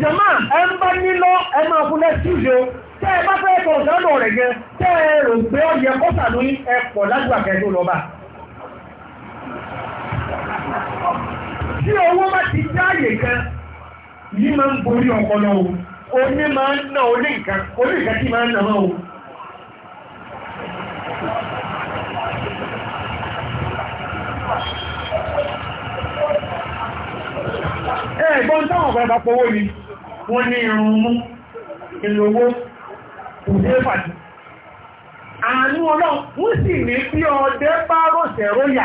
B: jẹ́mà ẹ ń bá nílọ ẹ máa fún lẹ́síjọ tẹ́ ẹ bá fẹ́ kọ̀ọ̀sán lọ rẹ̀ gẹ tẹ́ ẹ rò pé ọ yẹ kọ́sà lórí ẹ pọ̀ lágbàkẹ́ tó lọ bá tí owó bá ti dáàyè kan yìí máa ń borí ọpọlọ o oní máa ń ná orí nǹkan orí tí máa ń ná o. ẹ̀gbọ́n táwọn ọ̀fẹ́ bá pọ̀wó ni wọ́n ní irun mú ìlòwó owó dé àánú sì ní bí ọdẹ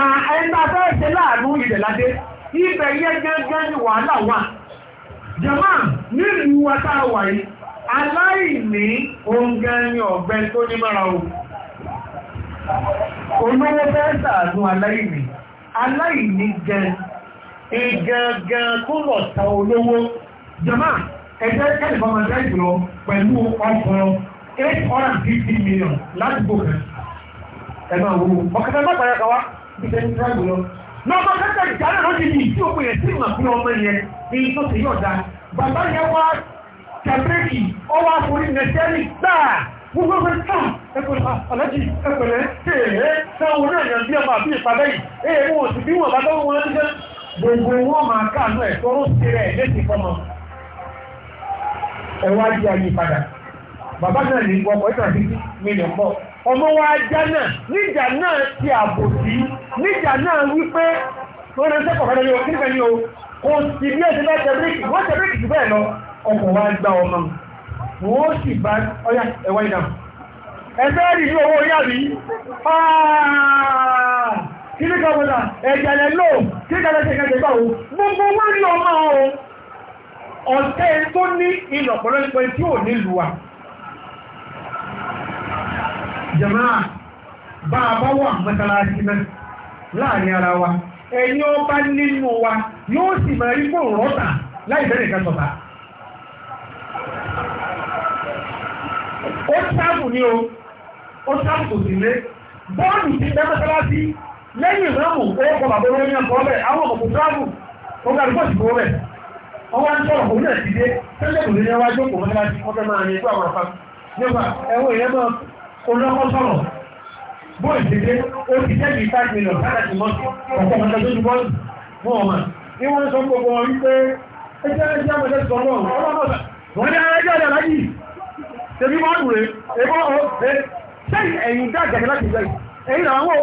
B: ẹ̀ẹ́ta fẹ́ ṣe láàánú ilẹ̀ ládé ibẹ̀ yẹ gẹ́gẹ́ ní wàhálà wà jẹ́mà nílùú wata wà yìí aláìní oúnjẹ́ni ọ̀gbẹ́ tó ní mara o olówó fẹ́ ṣàánú aláìní aláìní jẹ ìgẹ̀gẹ̀ kó lọ ta olówó jẹ́mà ẹgbẹ́ kẹ́lẹ̀kọ́ máa pẹ̀lú ọkọ̀ 850 million láti gbogbo ìfẹ́ ní tíráìbù lọ. lọ́kọ́ kẹ́kẹ́ ìjálẹ̀ ló ti di ìdí òpin yẹn tí mà fún ọmọ yẹn ní tó ti yọ̀ dá. bàbá yẹn wá kẹ̀bírẹ́kì ó wá forí nẹ̀sẹ́rì gbáà gbogbo ẹgbẹ́ tà ẹgbẹ́ alájì ẹgbẹ̀rẹ́ tèèrè táwọn náà yàn bí ọmọ àbí ìpàdé yìí èè mú òsì bí wọn bá tọ́wọ́ wọn ṣiṣẹ́ gbogbo wọn máa káàánú ẹ̀ sí rẹ̀ létí ọmọ wa ajá náà níjà náà ti àbòsí níjà náà wípé wọ́n rẹ̀ sẹ́kọ̀ọ́ fẹ́ lórí ọkùnrin pẹ̀lú o kò sì bí ẹ̀sìn bá tẹ̀bíríkì wọ́n tẹ̀bíríkì jù bẹ́ẹ̀ lọ ọkọ̀ wa gba ọmọ wọ́n sì bá ọyá ẹ̀wọ́ ìdá ẹgbẹ́ rí ní owó yá rí kí ní kọ́kọ́ta ẹ̀jẹ̀lẹ̀ lò kí kẹ́lẹ́ ṣe kẹ́kẹ́ gbà wo gbogbo wọn ní ọmọ ọ̀tẹ́ tó ní ìlọ̀pọ̀lọpọ̀ tí ò nílùú wa jamaa ba bá wà mọ́sálásí náà láàrin ara wa ẹni wa yóò sì máa rí kó rọ́ta láì bẹ́ẹ̀ nìkan sọ̀tà. ó sáàbù ní o ó sáàbù kò sí lé bọ́ọ̀lù ti bẹ́ mọ́sálásí lẹ́yìn ìrọ́mù ó kọ bàbá olórí náà kọ́ bẹ́ẹ̀ àwọn ọkọ̀ sáàbù si gbà rúkọ̀ sí kọ́ bẹ́ẹ̀ ọwọ́ ń sọ̀rọ̀ òun olóko sọ̀rọ̀ bó ìdílé ó ti jẹ́ bíi five million láti àti mọ́tò ọ̀pọ̀ ọ̀pọ̀ tó ti bọ́ fún ọmọ ní wọ́n sọ gbogbo wọn wípé ẹjẹ́ ẹjẹ́ ọmọdé sọ náà ọlọ́mọdé wọ́n ní ara ẹjẹ́ ọ̀dà láyé tèmi máa dùn rẹ̀ ẹgbọ́n ọ̀ ẹ sẹ́yìn ẹ̀yìn dá àjàkẹ́ láti sẹ́yìn ẹ̀yìn àwọn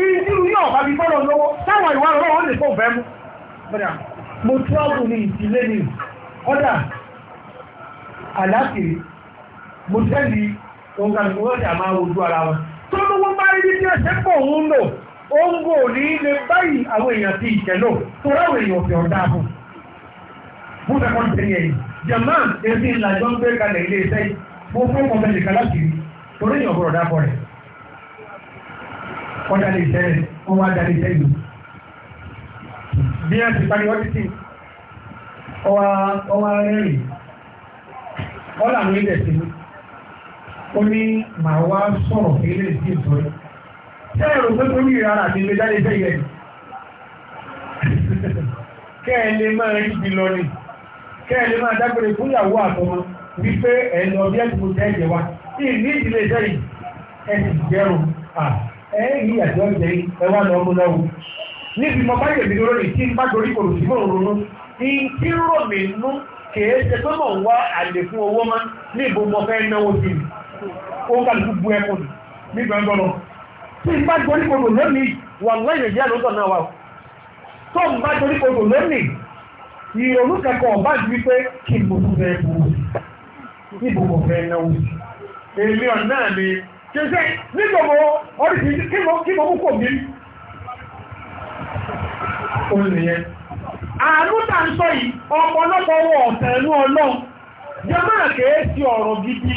B: ìdí yóò bá fi gbọ́dọ̀ lọ́wọ́ táwọn ìwà ọlọ́wọ́ lè fọ́ bẹ́ẹ̀ mú mo tọ́bù ní ìdílé ni ọ̀dà àlàáfíì mo tẹ́lì òun kàbí kó wọ́n máa wojú ara wọn tó ló wọ́n bá rí bí tí ẹ̀ṣẹ́ pọ̀ òun lò ó ń gò ní ilé báyìí àwọn èèyàn ti ìtẹ̀lò tó ráwọ̀ èèyàn ọ̀fẹ́ ọ̀dá bù fún ẹ̀kọ́ tẹ̀lé ẹ̀yìn jẹ̀mọ́ èsì ìlàjọ ń gbé kalẹ̀ ilé iṣẹ́ fún fún ọmọ ẹ̀lẹ̀ kalákiri torí èèyàn ọ̀gbọ̀rọ̀ dábọ̀ rẹ̀ kọjá lè tẹ́ wọ́n wá dá lè tẹ́ ìlú bí wọ́n ti parí wọ́n ti ilẹ̀ sí ó ní màá wá sọ̀rọ̀ ilé ìdí ìtọ́jú tẹ́ ẹ̀rọ pé ó ní ìrara àti ilé jáde fẹ́ yẹ kẹ́ ẹ lè máa rí ibi lọ ni kẹ́ ẹ lè máa dágbére fún ìyàwó àtọmọ wípé ẹ lọ bí ẹtù tẹ ẹ jẹ wa ní ìní ìdílé iṣẹ́ yìí ẹ sì jẹun à ẹ yí àti ọjẹ yìí ẹ wá lọ ọmọ náà wò níbi mo bá yẹ̀mí lórí tí n bá dorí kòrò sí mòrò ronú ní kí rò mí nú kèé ṣe pé mò ń wá àlè fún owó mọ́ ní mo fẹ́ náwó sí mi òun kàlù gbogbo ẹ̀kọ́ nù nígbà ń bọ́lọ̀ tí n bá dorí kodò lónìí wà láì nàìjíríà ló náà wà tó n bá dorí kodò lónìí ìrònú kẹ́kọ̀ọ́ bá ju wípé kí n bòbú fẹ́ bò níbo mo fẹ́ náwó èmi ọ̀ náà ni kèsè nígbà mo ọ̀rìsì kí mo mú kò mí òun àánú tà ń sọ yìí ọ̀pọ̀lọpọ̀ ọ̀tẹ̀ ẹ̀nú ọlọ́run jẹ́ máa kèé sí ọ̀rọ̀ gidi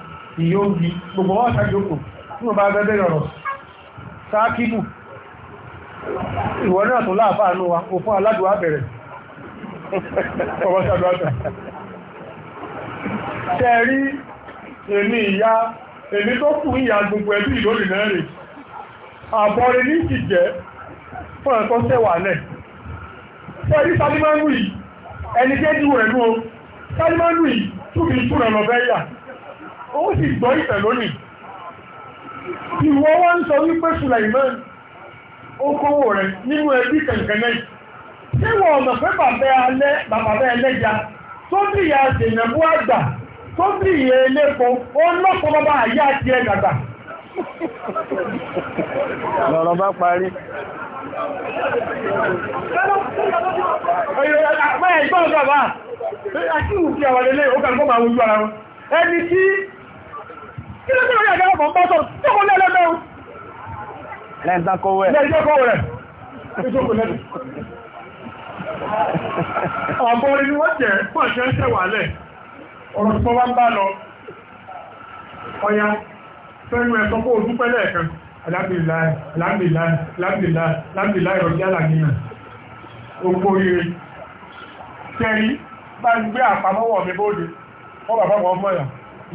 B: yóò bí gbogbo wọ́n ṣàjókò tí wọ́n bá gẹ́gẹ́ rọrọ̀ sáàkìbù ìwọ̀n náà tó láàfáànú wa o fún aládùá bẹ̀rẹ̀ tẹ́rí èmi ìyá èmi tó kù ìyá gbogbo ẹbí ìlónìí náà rè àbọ̀rẹ̀ ní ìjẹ́ fún ẹ̀kọ́ sẹ́wà lẹ̀ tẹ́rí sálímánú yìí ẹni kéjú rẹ̀ nú o sálímánú yìí túbí ìtúrẹ̀ lọ fẹ́ yà ó sì gbọ́ ìtẹ̀ lónìí ìwọ wọ́n ń sọ wípé Sulaiman ó rẹ̀ nínú ẹbí kẹ̀kẹ́nẹ́ níwọ̀ ọ̀nà pé bàbá ẹlẹ́ja tó bí ìyá àṣèyànbó àgbà tó bí ìyá elépo ó lọ́pọ̀ bàbá àyá àti ẹ̀dàgbà
A: lọ́rọ̀ bá parí
B: àti ìwùkí àwọn ó kàn máa wojú ara wọn ẹni tí kí ló tẹ́lẹ̀ ìjọba ọmọ bọ́tọ̀ tó ẹ̀sọ́ kó ojú pẹ́lẹ̀ ẹ̀kan alábìláì alábìláì alábìláì alábìláì ọjọ́ àlàníyàn bá ń gbé àpamọ́wọ̀ mi bóde wọ́n bàbá wọn mọ́ ẹ̀yà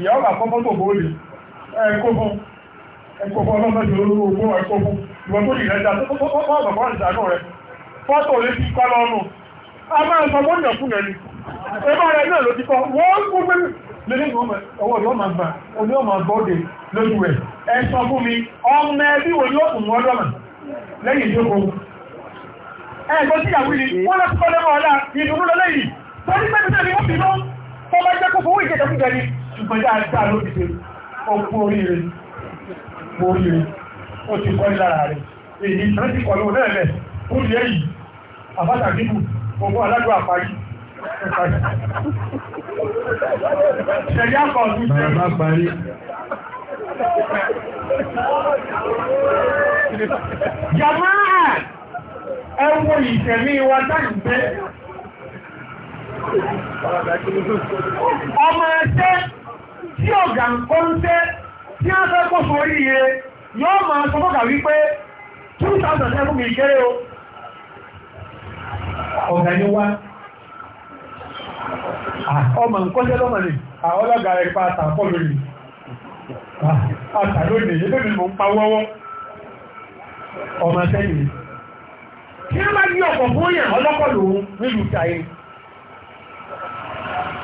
B: ìyàwó bà kọ́kọ́ tó bó lè ẹ̀kọ́ fún ẹ̀kọ́ fún ọlọ́mọdé olóró ogún ẹ̀kọ́ fún ìwọ̀n tó yìí rẹ̀dá tó bọ́ ìdánú rẹ̀ fọ́tò lè ti kọ́ lọ́nu a máa ń sọ mọ́ ìyàn fún ẹni ẹgbẹ́ rẹ̀ náà ló ti kọ́ wọ́n kú pé lẹ́yìn ọwọ́ ìwọ́n máa gbà oní ọmọ gbọ́dẹ lójú rẹ̀ ẹ sọ fún mi ọmọ ẹbí wo ni ó kùn wọ́n lọ́nà lẹ́yìn ìjókòó ẹ̀gbọ́n tí ìyàwó yìí wọ́n lọ sí kọ́lẹ́mọ̀ ọ̀la ìdùnnú lọ lẹ́yìn tó ní pẹ́ẹ́tẹ́ ni wọ́n fi náà bọ́ bá jẹ́ kó fún ìjẹta fún jẹni ṣùgbọ́n dáadáa ló ti ṣe ọkùn oríire oríire ó ti kọ́ ìlara rẹ̀ èyí tó ti kọ̀lọ̀ lẹ́ẹ̀lẹ̀ ó lè yìí àbáta gígùn gbogbo aládùn àparí
C: ṣẹ̀yà kan tún ṣe bá parí
B: jamaa ẹwọ ìtẹ̀mí wa dáìgbẹ́ ọmọ maa tí ọ̀gá ń ń tẹ́ tí a fẹ́ kó sórí yóò máa sọ wípé 2007 mi kéré o ọ̀gá ni wá ọmọ nǹkọ́ṣẹ́ lọ́mọ ni àọ́lọ́gà rẹ̀ pa àtàkọ́ lórí àtàlónì ẹgbẹ́ mi mọ̀ ń pa wọ́wọ́ ọmọ sẹ́yìn kí ní ọ̀pọ̀ fún nílùú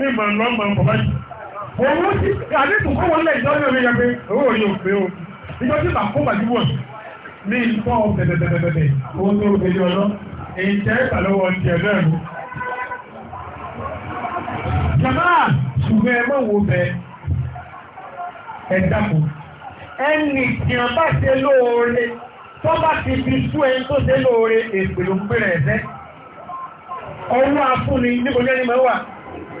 B: ní ìmọ̀ ńlọ mọ̀ ń bọ̀bá yìí. Òun ti àdéhùn kó wọlé ìjọ ní tí bà bá ṣe lóore tó bá ti fi sú ẹni tó ṣe lóore èpè ló ẹ̀fẹ́. Ọwọ́ afúnni níbo ní ẹni máa jẹ̀mọ́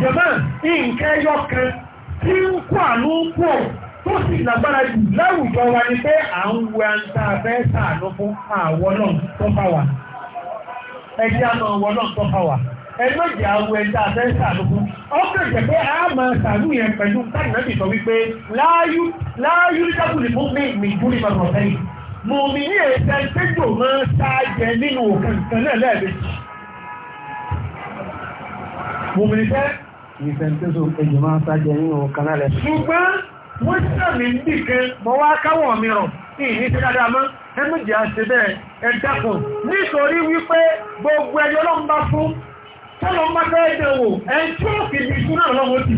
B: nǹkan ẹyọ kan tí ń kó àánú pọ̀ tó sì lágbára jù láwùjọ wa ni pé à ń wo anta abẹ́ sàánú fún àwọ̀ náà tó bá wà ẹjẹ́ àmọ́ àwọ̀ náà tó bá wà ẹgbẹ́jì àwọn ẹja abẹ́ sàánú fún ọkọ̀ jẹ́ pé a máa sàánú yẹn pẹ̀lú tánàbì sọ wípé láyú
A: mùmìnì fẹ́ ìfẹ̀ntíso ẹjù máa sájẹ ní ọ̀kan náà lẹ̀ ṣùgbọ́n
B: wọ́n sàmì nìkan mọ́ wá káwọ̀ mìíràn ní ìníṣẹ́ dáadáa mọ́ ẹmùjì àṣẹ bẹ́ẹ̀ ẹ̀dàkùn nítorí wípé gbogbo ẹjọ́ ọlọ́mbá fún tọ́lọ́mbá fẹ́ dẹ̀wò ẹjọ́ kìí ṣúná ọlọ́wọ́ ti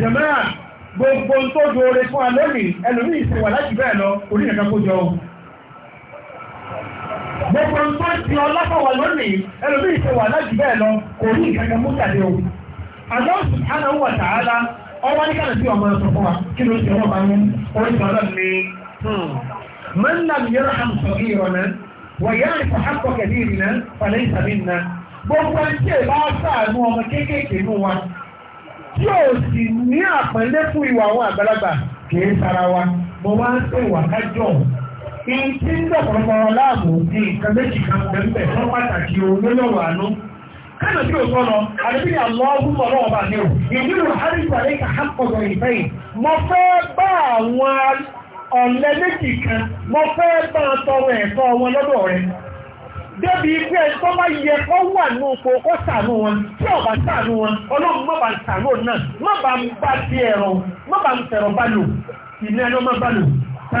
B: jẹ̀mẹ́rà gbogbo tó dóore fún alẹ́mì ẹlòmí ìṣẹ̀wà láti bẹ́ẹ̀ lọ orí ẹ̀kẹ́kọ́ jọ ohun gbogbo tó ti ọlọ́pàá lónìí ẹlòmí ìṣe wà láti bẹ́ẹ̀ lọ kò ní ìkankan mú jáde o Allah subhanahu wa ta'ala ọwọ́ ní kàlẹ̀ sí ọmọ ẹ̀sọ̀ fún wa kí ló ti ọmọ bá ń orí kan náà ní man lam yarham saghirana wa ya'rifu haqqa kabirina falaysa minna gbogbo tí ẹ bá sáànú ọmọ kéékèèké nù wa tí ò sì ní àpẹẹlẹ fún ìwà àwọn àgbàlagbà kì í sara wa mo wá ń pè wà kájọ Èyí tí ń dọ̀pọ̀lọpọ̀ wọn láàbò ní nǹkan méjì kan onyonyo fún pàtàkì òun lọ́rọ̀ àánú. Kánà tí ó sọ́nà, àdébí àlọ́ọ̀gùn ọlọ́wọ́ bá ní o. ha rò Harrison Aleka Hakọ̀dọ̀ ìfẹ́ yìí. tọrọ Débi yẹ wà ní oko kó sànú wọn, tí sànú wọn, ọlọ́run má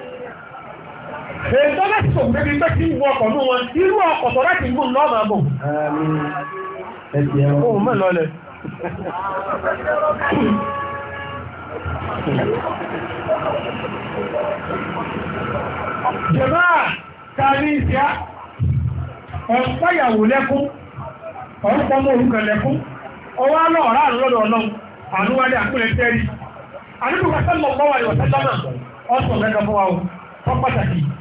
B: èdè láti tó gbébi pé kí n ọkọ̀ ní wọn irú ọkọ̀ tó
A: láti gùn lọ́mà bò ohun mẹ́ lọlẹ̀
B: jẹ̀bá tààrí ìsìá ọ̀pọ̀yàwó lẹ́kún ọ̀pọ̀mọ̀ orúkọ lẹ́kún ọwọ́ alọ́ọ̀rá àrùlọ́dọ̀ ọlọ́run àrúwádé àkúrẹ́ tẹ́rí àdúgbò mẹ́ta fún wa pàtàkì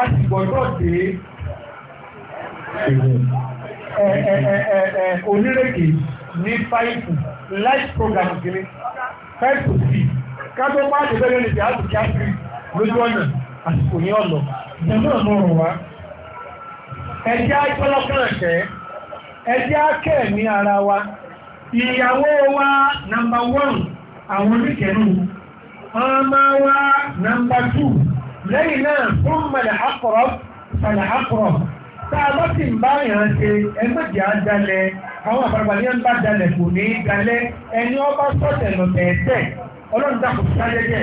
B: a ti gbọ́dọ̀ dé onírèké ní fáìpù life program kìíní fáìpù sí kátó bá ti bẹ́rẹ̀ lè dáàbò kí á sí lójú ọ̀nà àsìkò ní ọ̀nà jẹ́mọ́ ọ̀rọ̀ wá ẹjẹ́ àjọ́lọ́kùnrin ẹ̀ṣẹ́ ẹjẹ́ àkẹ́ ní ara wa ìyàwó wa number one àwọn oníkẹ̀ẹ́nù ọmọ wa number two lẹ́yìn náà fún mẹ́lẹ̀ àkọ̀rọ̀ mẹ́lẹ̀ àkọ̀rọ̀ tá a bá sì ń bá yàn ṣe ẹgbẹ́jì á dalẹ̀ àwọn àgbàlagbà ní ń bá dalẹ̀ kò ní í dalẹ̀ ẹni ọba sọ̀tẹ̀ lọ̀tẹ̀ ẹ̀tẹ̀ ọlọ́run dàpọ̀ sí ayẹyẹ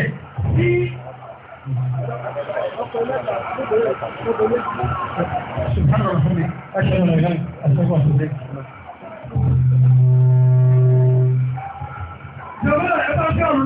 B: tí. سبحان ربي أشهد
C: أن لا إله